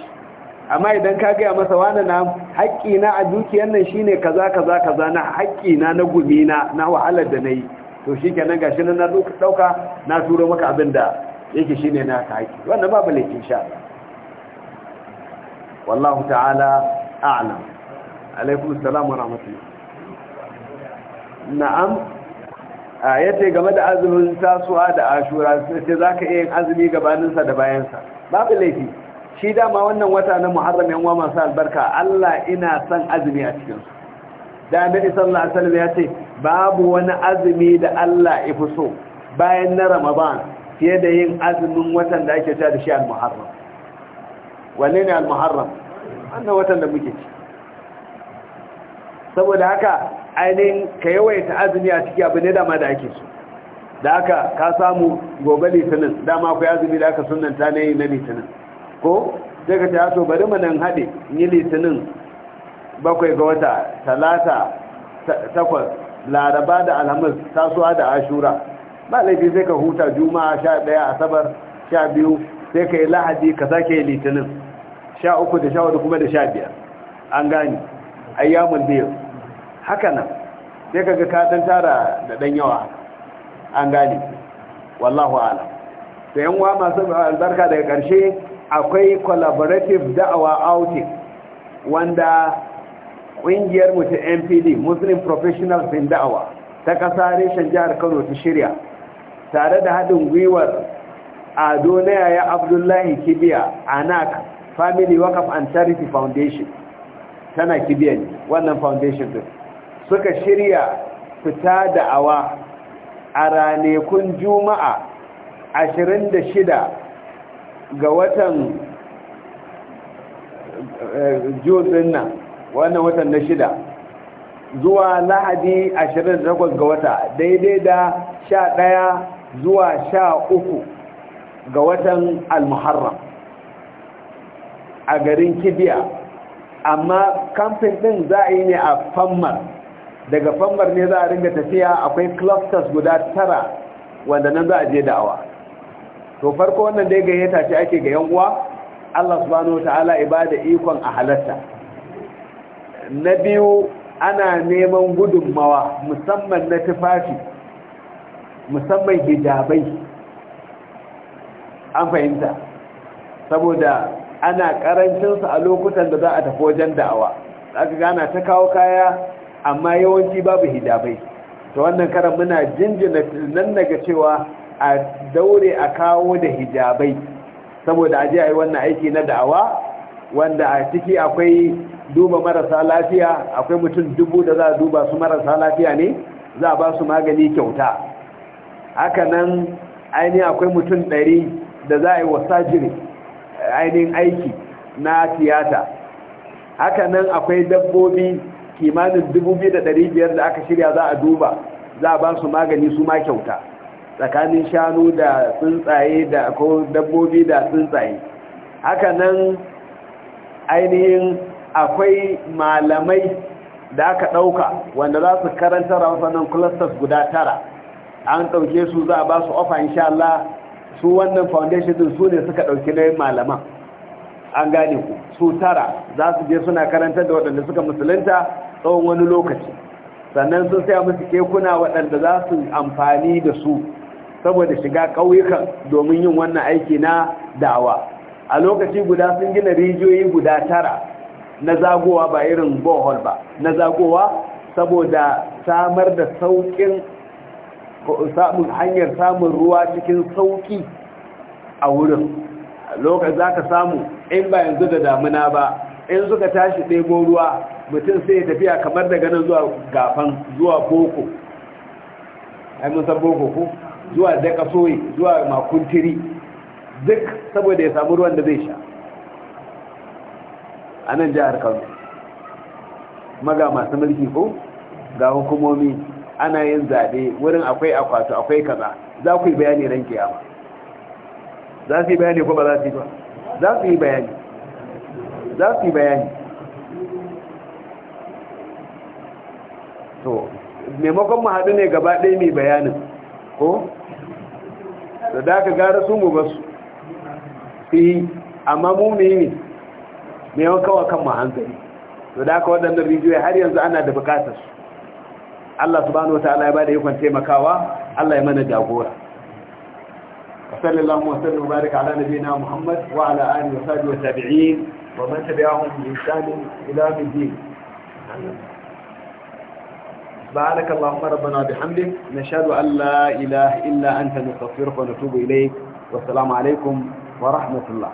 S1: amma idan ka gaya masa wani na haƙƙi na a dukiyar nan shine kaza kaza kaza na haƙƙina, na na gumi na na wahalar da na yi to shi kenan gashi nan na dauka na turo maka abin da yake shine na ka haƙi wannan babu laifin sha wallahu ta'ala a'lam alaikum assalam wa rahmatullahi na'am yace game da azumin tasuwa da ashura sai zaka iya yin azumi gabanin sa da bayan sa babu laifi shi dama wannan wata na muharram yan wa masu albarka Allah ina son azumi a cikin su da annabi sallallahu alaihi wasallam ya ce babu wani azumi da Allah ya fi so bayan na Ramadan fiye da yin azumin watan da ake cewa da shi al-Muharram wanne ne al-Muharram annan watan da muke ci saboda haka ainihin ka yawaita azumi a ciki abu ne ma da ake so da haka ka samu gobe litinin dama ku azumi da aka sunanta ne na litinin ko sai ka ta bari mu nan haɗe yi litinin bakwai ga wata talata takwas laraba da alhamis tasuwa da ashura ba laifi sai ka huta juma'a sha ɗaya asabar sha biyu sai ka yi lahadi ka sake yi litinin sha uku da sha hudu kuma da sha biyar an gani ayyamun biyu haka nan sai ka ga katon tara da ɗan yawa an gani wallahu ala da yanwa masu albarka daga ƙarshe akwai collaborative da'awa outing wanda ƙungiyar mu ta npd muslim Professional in da'awa ta ƙasa reshen jihar kano ta shirya tare da haɗin gwiwar ado na yaya abdullahi kibiya a NAC family Wakaf and charity foundation tana kibiya ne wannan foundation din suka shirya fita da'awa a ranakun juma'a 26 ga watan eh, jun nan wannan watan na shida zuwa lahadi 28 ga wata daidai da 11 zuwa 13 ga watan Al-Muharram a garin kibiya amma kamfin din za a yi ne a fammar daga fammar ne za a ringa tafiya akwai clusters guda tara wanda nan za a je da'awa to farko wannan dai gayyata ce ake ga yan uwa Allah subhanahu ta'ala ibada ikon a halatta na biyu ana neman gudunmawa musamman na tufafi musamman hijabai an fahimta saboda ana karancinsu a lokutan da za a tafi wajen da'awa aka gana ta kawo kaya amma yawanci babu hijabai ta wannan karan muna jinjina nan daga cewa a daure a kawo da hijabai saboda aje a yi wannan aiki na da'awa wanda a ciki akwai duba marasa lafiya akwai mutum dubu da za a duba su marasa lafiya ne za a ba su magani kyauta haka nan ainihin akwai mutum ɗari da za a yi wasa jiri ainihin aiki na tiyata haka nan akwai dabbobi kimanin dubu biyu da ɗari biyar da aka shirya za a duba za a ba su magani su ma kyauta tsakanin shanu da tsuntsaye da ko dabbobi da tsuntsaye haka nan ainihin akwai malamai da aka ɗauka wanda za su karanta rahotannin clusters guda tara an ɗauke su za a ba su ofa insha Allah su wannan foundation din su ne suka ɗauki yin malaman an gane ku su tara za su je suna karantar da waɗanda suka musulunta tsawon wani lokaci sannan sun saya musu kekuna waɗanda za su amfani da su saboda shiga ƙauyukan domin yin wannan aiki na dawa a lokaci guda sun gina rijiyoyi guda tara na zagowa ba irin bohol ba na zagowa saboda samar da saukin samun hanyar samun ruwa cikin sauki a wurin lokacin za ka samu in ba yanzu da damuna ba in suka tashi ɗebo ruwa mutum sai ya tafiya kamar da ganin zuwa gafan zuwa boko san boko ku zuwa daga soyi zuwa makuntiri duk saboda ya samu ruwan da zai sha a nan jihar kano maga masu mulki ko ga hukumomi ana yin zaɓe wurin akwai akwato akwai kaza za ku yi bayani ran kiyama za su yi bayani ko ba za su yi ba za su yi bayani za su yi bayani to maimakon mu haɗu ne gaba ɗaya mai bayanin ko da da ka gara su mu ba su yi amma mu ne ne mai yawan kawo kan mahanzari to da aka waɗannan rijiyoyi har yanzu ana da bukatar su Allah subhanahu ala ya bada ikon taimakawa Allah ya mana jagora sallallahu wa sallam baraka ala nabiyyina muhammad wa ala wa sahbihi wa tabi'in wa man tabi'ahum bi ihsan ila yawm سبحانك اللهم ربنا بحمدك نشهد أن لا إله إلا أنت نستغفرك ونتوب إليك والسلام عليكم
S2: ورحمة الله